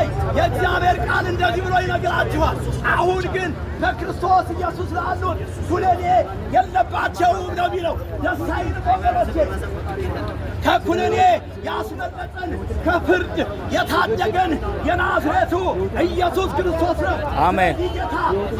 来。የእግዚአብሔር ቃል እንደዚህ ብሎ ይነግራችኋል። አሁን ግን በክርስቶስ ኢየሱስ ላሉት ኩነኔ የለባቸውም ነው የሚለው። ደሳይን ወገኖቼ ከኩነኔ ያስመለጠን ከፍርድ የታደገን የናዝሬቱ ኢየሱስ ክርስቶስ ነው። አሜን። ጌታ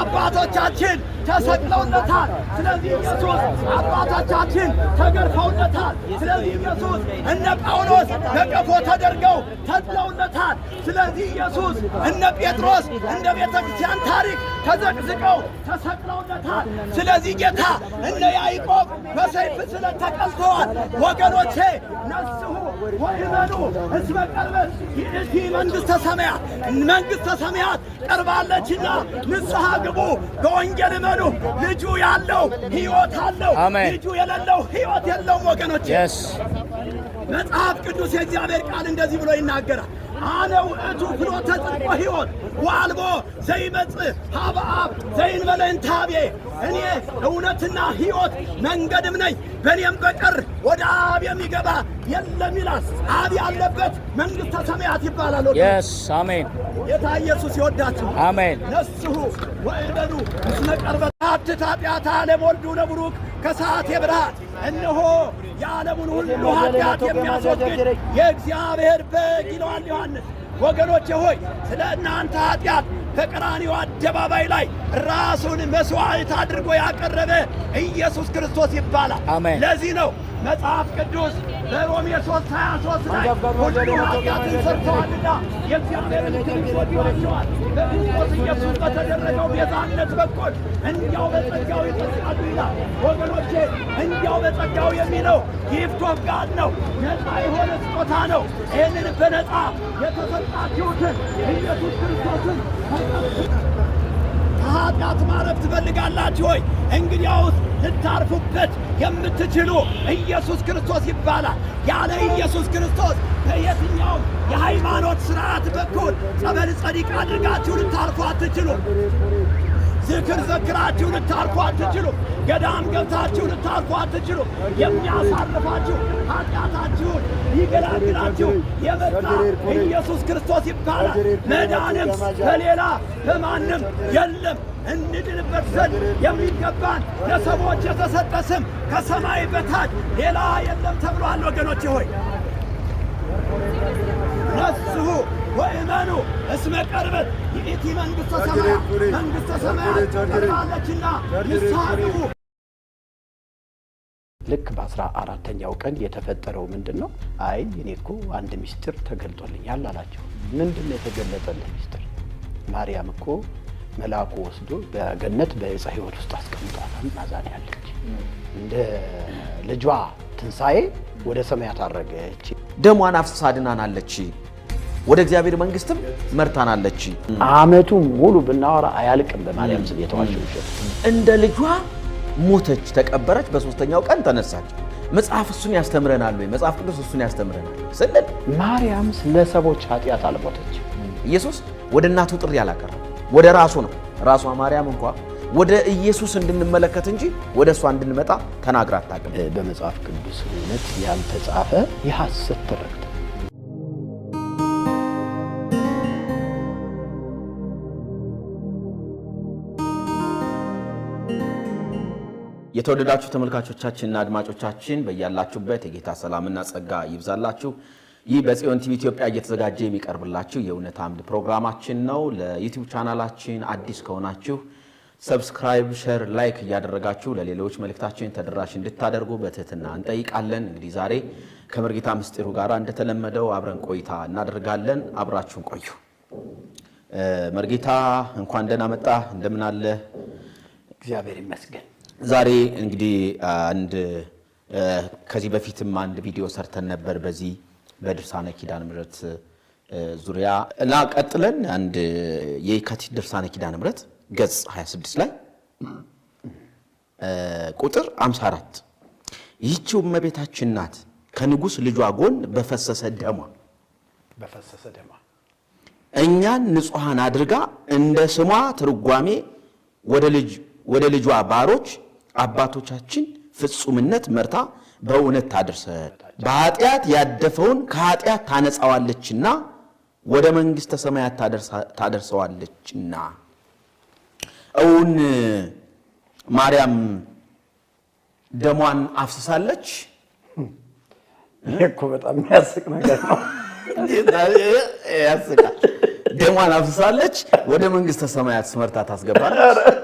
አባቶቻችን ተሰቅለውለታል። ስለዚህ ኢየሱስ አባቶቻችን ተገርፈውለታል። ስለዚህ ኢየሱስ እነ ጳውሎስ ነቀፎ ተደርገው ተጥለውለታል። ስለዚህ ኢየሱስ እነ ጴጥሮስ እንደ ቤተ ክርስቲያን ታሪክ ተዘቅዝቀው ተሰቅለውለታል። ስለዚህ ጌታ እነ ያዕቆብ በሰይፍ ስለት ተቀልተዋል። ወገኖቼ ነስሁ ወይመኑ እስመ ቀርበት ይእቲ መንግሥተ ሰማያት፣ መንግሥተ ሰማያት ቀርባለችና ንስሐ ግቡ፣ በወንጌል እመኑ። ልጁ ያለው ሕይወት አለው፣ ልጁ የሌለው ሕይወት የለውም። ወገኖቼ መጽሐፍ ቅዱስ የእግዚአብሔር ቃል እንደዚህ ብሎ ይናገራል። አነ ውእቱ ብሎ ተጽፎ ሕይወት ወአልቦ ዘይመጽእ ሀበ አብ ዘይንበለ እንታቤ እኔ እውነትና ሕይወት መንገድም ነኝ፣ በእኔም በቀር ወደ አብ የሚገባ የለም ይላል። አብ ያለበት መንግሥተ ሰማያት ይባላል። የስ አሜን። ጌታ ኢየሱስ ይወዳችሁ። አሜን። ነስሑ ወእደዱ ምስለ ቀርበ አትት ኃጢአት ዓለም ወልዱ ለቡሩክ ከሰዓት የብርሃን እነሆ የዓለሙን ሁሉ ኃጢአት የሚያስወግድ የእግዚአብሔር በግ ይለዋል ዮሐንስ። ወገኖቼ ሆይ ስለ እናንተ ኃጢአት በቀራኒው አደባባይ ላይ ራሱን መስዋዕት አድርጎ ያቀረበ ኢየሱስ ክርስቶስ ይባላል። ለዚህ ነው መጽሐፍ ቅዱስ በሮሜ 3 23 ላይ ሁሉ ኃጢአትን ሠርተዋልና የእግዚአብሔርን ክንድ ወዲዋቸዋል። በክርስቶስ ኢየሱስ በተደረገው ቤዛነት በኩል እንዲያው በጸጋው ይጸድቃሉ ይላል። ወገኖቼ እንዲያው በጸጋው የሚለው ጊፍት ኦፍ ጋድ ነው፣ ነፃ የሆነ ስጦታ ነው። ይህንን በነፃ የተሰጣችሁትን ኢየሱስ ክርስቶስን ከኃጢአት ማረፍ ትፈልጋላችሁ ሆይ እንግዲያውስ ልታርፉበት የምትችሉ ኢየሱስ ክርስቶስ ይባላል። ያለ ኢየሱስ ክርስቶስ በየትኛውም የሃይማኖት ሥርዓት በኩል ጸበል ጸዲቅ አድርጋችሁ ልታርፉ አትችሉም። ዝክር ዘክራችሁ ልታርኩ አትችሉ። ገዳም ገብታችሁ ልታርኩ አትችሉ። የሚያሳርፋችሁ ኃጢአታችሁን ይገላግላችሁ የመጣ ኢየሱስ ክርስቶስ ይባላል። መዳንም ከሌላ በማንም የለም። እንድንበት ዘንድ የሚገባን ለሰዎች የተሰጠ ስም ከሰማይ በታች ሌላ የለም ተብሏል። ወገኖቼ ሆይ ነስሁ ወእመኑ እስመ ቀርበት ይእቲ መንግሥተ ሰማያት መንግሥተ ሰማያት ቀርባለችና ንስሐ ልክ በአስራ አራተኛው ቀን የተፈጠረው ምንድን ነው? አይ እኔ እኮ አንድ ሚስጢር ተገልጦልኛል አላቸው። ምንድን ነው የተገለጠልህ ምስጢር? ማርያም እኮ መልአኩ ወስዶ በገነት በዕፀ ሕይወት ውስጥ አስቀምጧታል። ናዛን ያለች እንደ ልጇ ትንሣኤ ወደ ሰማያት አረገች። ደሟን አፍስሳ አድናናለች። ወደ እግዚአብሔር መንግስትም መርታናለች። አመቱ ሙሉ ብናወራ አያልቅም። በማርያም ስም የተዋሸው ውሸት እንደ ልጇ ሞተች፣ ተቀበረች፣ በሶስተኛው ቀን ተነሳች። መጽሐፍ እሱን ያስተምረናል ወይ? መጽሐፍ ቅዱስ እሱን ያስተምረናል ስንል ማርያም ስለ ሰዎች ኃጢአት አልሞተች። ኢየሱስ ወደ እናቱ ጥሪ አላቀረም፣ ወደ ራሱ ነው። ራሷ ማርያም እንኳ ወደ ኢየሱስ እንድንመለከት እንጂ ወደ እሷ እንድንመጣ ተናግራ አታውቅም። በመጽሐፍ ቅዱስ እውነት ያልተጻፈ የሐሰት ትርክት የተወደዳችሁ ተመልካቾቻችንና አድማጮቻችን በያላችሁበት የጌታ ሰላምና ጸጋ ይብዛላችሁ። ይህ በጽዮን ቲቪ ኢትዮጵያ እየተዘጋጀ የሚቀርብላችሁ የእውነት አምድ ፕሮግራማችን ነው። ለዩቲዩብ ቻናላችን አዲስ ከሆናችሁ ሰብስክራይብ፣ ሸር፣ ላይክ እያደረጋችሁ ለሌሎች መልእክታችን ተደራሽ እንድታደርጉ በትህትና እንጠይቃለን። እንግዲህ ዛሬ ከመርጌታ ምስጢሩ ጋር እንደተለመደው አብረን ቆይታ እናደርጋለን። አብራችሁን ቆዩ። መርጌታ እንኳን ደህና መጣ። እንደምን አለ? እግዚአብሔር ይመስገን። ዛሬ እንግዲህ አንድ ከዚህ በፊትም አንድ ቪዲዮ ሰርተን ነበር በዚህ በድርሳነ ኪዳነ ምሕረት ዙሪያ እና ቀጥለን አንድ የየካቲት ድርሳነ ኪዳነ ምሕረት ገጽ 26 ላይ ቁጥር 54 ይህችው እመቤታችን ናት ከንጉሥ ልጇ ጎን በፈሰሰ ደሟ በፈሰሰ ደሟ እኛን ንጹሐን አድርጋ እንደ ስሟ ትርጓሜ ወደ ልጇ ባሮች አባቶቻችን ፍጹምነት መርታ በእውነት ታደርሰን በኃጢአት ያደፈውን ከኃጢአት ታነጻዋለችና ወደ መንግሥተ ሰማያት ታደርሰዋለችና። እውን ማርያም ደሟን አፍስሳለች? እኮ በጣም የሚያስቅ ነገር ነው። ያስቃል። ደሟን አፍስሳለች፣ ወደ መንግሥተ ሰማያት ስመርታ ታስገባለች።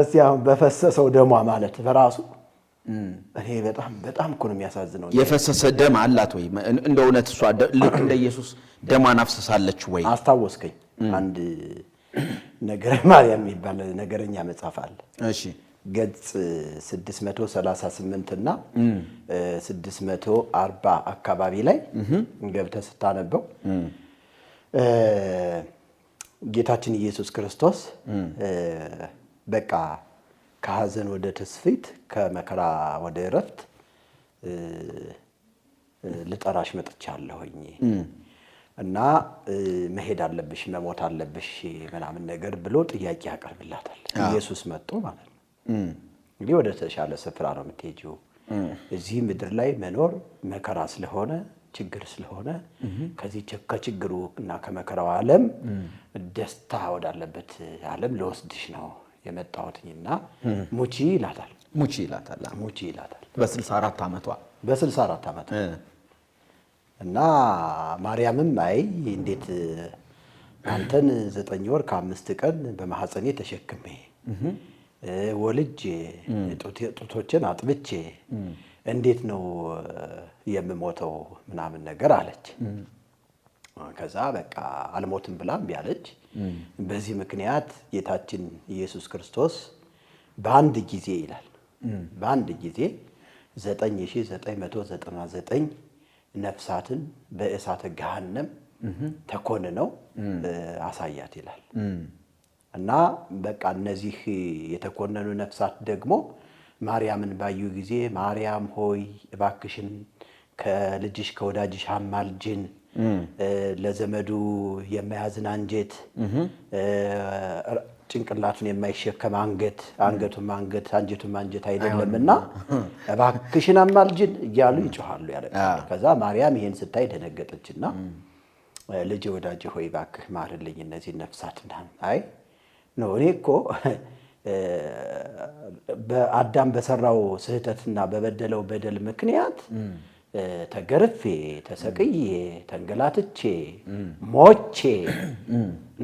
እስቲ አሁን በፈሰሰው ደሟ ማለት በራሱ እኔ በጣም በጣም እኮ ነው የሚያሳዝነው። የፈሰሰ ደም አላት ወይ? እንደ እውነት እሷ ልክ እንደ ኢየሱስ ደሟን አፍስሳለች ወይ? አስታወስከኝ። አንድ ነገረ ማርያም የሚባል ነገረኛ መጽሐፍ አለ። እሺ ገጽ 638 እና 640 አካባቢ ላይ ገብተህ ስታነበው ጌታችን ኢየሱስ ክርስቶስ በቃ ከሀዘን ወደ ትስፊት ከመከራ ወደ እረፍት ልጠራሽ መጥቻለሁኝ እና መሄድ አለብሽ መሞት አለብሽ ምናምን ነገር ብሎ ጥያቄ ያቀርብላታል። ኢየሱስ መጥቶ ማለት ነው እንግዲህ ወደ ተሻለ ስፍራ ነው የምትሄጂው። እዚህ ምድር ላይ መኖር መከራ ስለሆነ ችግር ስለሆነ ከዚህ ከችግሩ እና ከመከራው ዓለም ደስታ ወዳለበት ዓለም ልወስድሽ ነው የመጣወትኝና ሙቺ ይላታል። ሙቺ ይላታል። ሙቺ ይላታል። በ64 ዓመቷ በ64 ዓመቷ እና ማርያምም አይ እንዴት አንተን ዘጠኝ ወር ከአምስት ቀን በማሐፀኔ ተሸክሜ ወልጅ ጡቶችን አጥብቼ እንዴት ነው የምሞተው ምናምን ነገር አለች። ከዛ በቃ አልሞትም ብላ እምቢ አለች። በዚህ ምክንያት ጌታችን ኢየሱስ ክርስቶስ በአንድ ጊዜ ይላል በአንድ ጊዜ 9999 ነፍሳትን በእሳተ ገሃነም ተኮንነው አሳያት ይላል እና በቃ እነዚህ የተኮነኑ ነፍሳት ደግሞ ማርያምን ባዩ ጊዜ ማርያም ሆይ እባክሽን ከልጅሽ ከወዳጅሽ አማልጅን ለዘመዱ የማያዝን አንጀት፣ ጭንቅላቱን የማይሸከም አንገት፣ አንገቱም አንገት አንጀቱም አንጀት አይደለም እና እባክሽን አማልጅን እያሉ ይጮኋሉ ያለ። ከዛ ማርያም ይሄን ስታይ ደነገጠችና ልጅ ወዳጅ ሆይ እባክህ ማርልኝ እነዚህ ነፍሳት ና አይ ነው እኔ እኮ በአዳም በሰራው ስህተትና በበደለው በደል ምክንያት ተገርፌ ተሰቅዬ ተንገላትቼ ሞቼ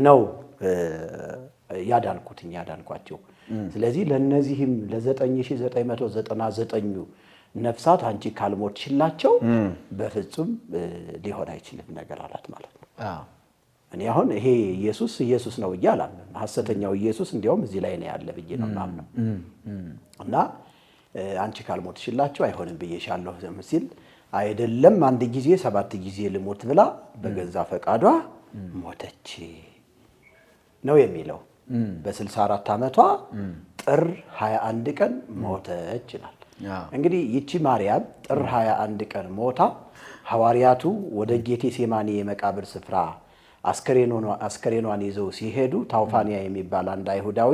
ነው ያዳንኩትኝ ያዳንኳቸው። ስለዚህ ለእነዚህም ዘጠና ዘጠኙ ነፍሳት አንቺ ካልሞትሽላቸው በፍጹም ሊሆን አይችልም ነገር አላት ማለት ነው። እኔ አሁን ይሄ ኢየሱስ ኢየሱስ ነው ብዬ አላምንም። ሐሰተኛው ኢየሱስ እንዲያውም እዚህ ላይ ነው ያለ ብዬ ነው ምናምን እና አንቺ ካልሞትሽላቸው አይሆንም ብዬሻለሁ ሲል አይደለም አንድ ጊዜ ሰባት ጊዜ ልሞት ብላ በገዛ ፈቃዷ ሞተች ነው የሚለው። በ64 ዓመቷ ጥር 21 ቀን ሞተች ይላል። እንግዲህ ይቺ ማርያም ጥር 21 ቀን ሞታ ሐዋርያቱ ወደ ጌቴ ሴማኒ የመቃብር ስፍራ አስከሬኗን ይዘው ሲሄዱ ታውፋንያ የሚባል አንድ አይሁዳዊ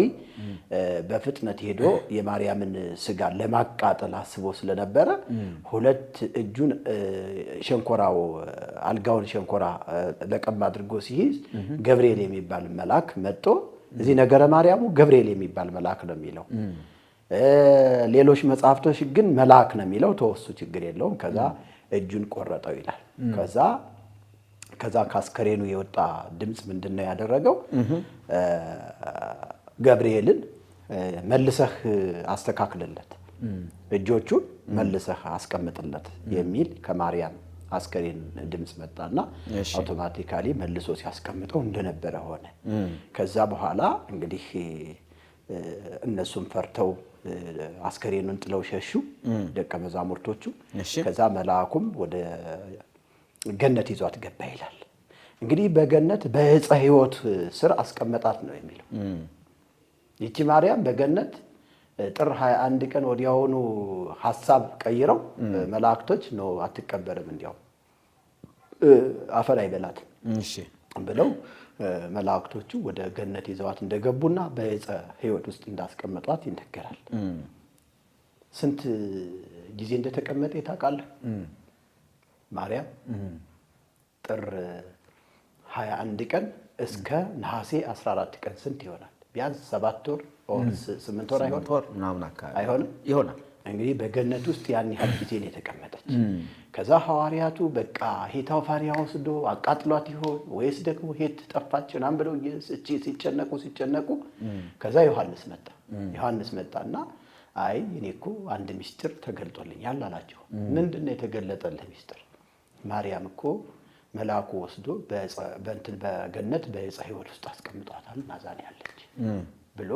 በፍጥነት ሄዶ የማርያምን ስጋ ለማቃጠል አስቦ ስለነበረ ሁለት እጁን ሸንኮራው አልጋውን ሸንኮራ ለቀም አድርጎ ሲይዝ ገብርኤል የሚባል መልአክ መጦ እዚህ ነገረ ማርያሙ ገብርኤል የሚባል መልአክ ነው የሚለው። ሌሎች መጽሐፍቶች ግን መልአክ ነው የሚለው። ተወሱ ችግር የለውም። ከዛ እጁን ቆረጠው ይላል። ከዛ ከዛ ካስከሬኑ የወጣ ድምፅ ምንድን ነው ያደረገው? ገብርኤልን መልሰህ አስተካክልለት፣ እጆቹን መልሰህ አስቀምጥለት የሚል ከማርያም አስከሬን ድምፅ መጣና አውቶማቲካሊ መልሶ ሲያስቀምጠው እንደነበረ ሆነ። ከዛ በኋላ እንግዲህ እነሱም ፈርተው አስከሬኑን ጥለው ሸሹ ደቀ መዛሙርቶቹ። ከዛ መልአኩም ወደ ገነት ይዟት ገባ ይላል። እንግዲህ በገነት በእፀ ሕይወት ስር አስቀመጣት ነው የሚለው። ይቺ ማርያም በገነት ጥር 21 ቀን ወዲያውኑ ሀሳብ ቀይረው መላእክቶች ነው አትቀበርም፣ እንዲያው አፈር አይበላትም ብለው መላእክቶቹ ወደ ገነት ይዘዋት እንደገቡና በእፀ ሕይወት ውስጥ እንዳስቀመጧት ይነገራል። ስንት ጊዜ እንደተቀመጠ ታውቃለህ? ማርያም ጥር 21 ቀን እስከ ነሐሴ 14 ቀን ስንት ይሆናል? ቢያንስ ሰባት ወር ስምንት ወር አይሆንም ይሆናል። እንግዲህ በገነት ውስጥ ያን ያህል ጊዜን የተቀመጠች ከዛ ሐዋርያቱ በቃ ሄታው ፋሪያ ወስዶ አቃጥሏት ይሆን ወይስ ደግሞ ሄት ጠፋች ናም ብለው ሲጨነቁ ሲጨነቁ ከዛ ዮሐንስ መጣ። ዮሐንስ መጣና አይ እኔ እኮ አንድ ሚስጥር ተገልጦልኛል አላቸው። ምንድን ነው የተገለጠልህ ሚስጥር? ማርያም እኮ መልአኩ ወስዶ በእንትን በገነት በዕፀ ሕይወት ውስጥ አስቀምጧታል ማዛን ያለች ብሎ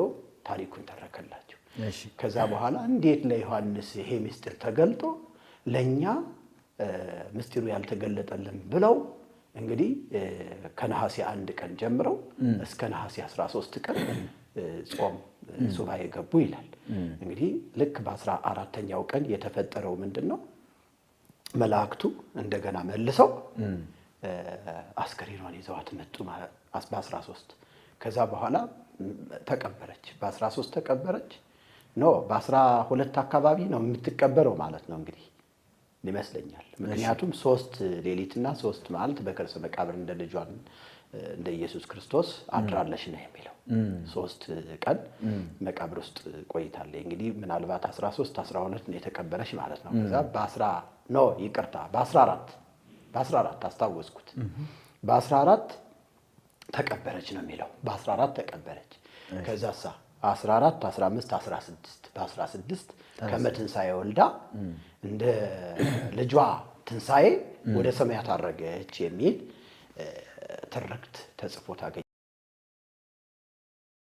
ታሪኩን ተረከላቸው። ከዛ በኋላ እንዴት ለዮሐንስ ይሄ ምስጢር ተገልጦ ለእኛ ምስጢሩ ያልተገለጠልን ብለው እንግዲህ ከነሐሴ አንድ ቀን ጀምረው እስከ ነሐሴ 13 ቀን ጾም ሱባኤ ገቡ ይላል። እንግዲህ ልክ በአስራ አራተኛው ቀን የተፈጠረው ምንድን ነው? መላእክቱ እንደገና መልሰው አስከሬኗን ይዘዋት መጡ በ13 ከዛ በኋላ ተቀበረች። በ13 ተቀበረች። ኖ በ12 አካባቢ ነው የምትቀበረው ማለት ነው እንግዲህ ይመስለኛል። ምክንያቱም ሶስት ሌሊትና ሶስት መዓልት በከርሰ መቃብር እንደ ልጇን እንደ ኢየሱስ ክርስቶስ አድራለሽ ነው የሚለው። ሶስት ቀን መቃብር ውስጥ ቆይታለች። እንግዲህ ምናልባት 13 12 ነው የተቀበረች ማለት ነው ከዛ በ ኖ ይቅርታ፣ በ14 በ14 አስታወስኩት። በ14 ተቀበረች ነው የሚለው። በ14 ተቀበረች። ከዛ ሳ 14 15 16 በ16 ከመትንሣኤ ወልዳ እንደ ልጇ ትንሣኤ ወደ ሰማያት አረገች የሚል ትርክት ተጽፎ ታገኛለህ።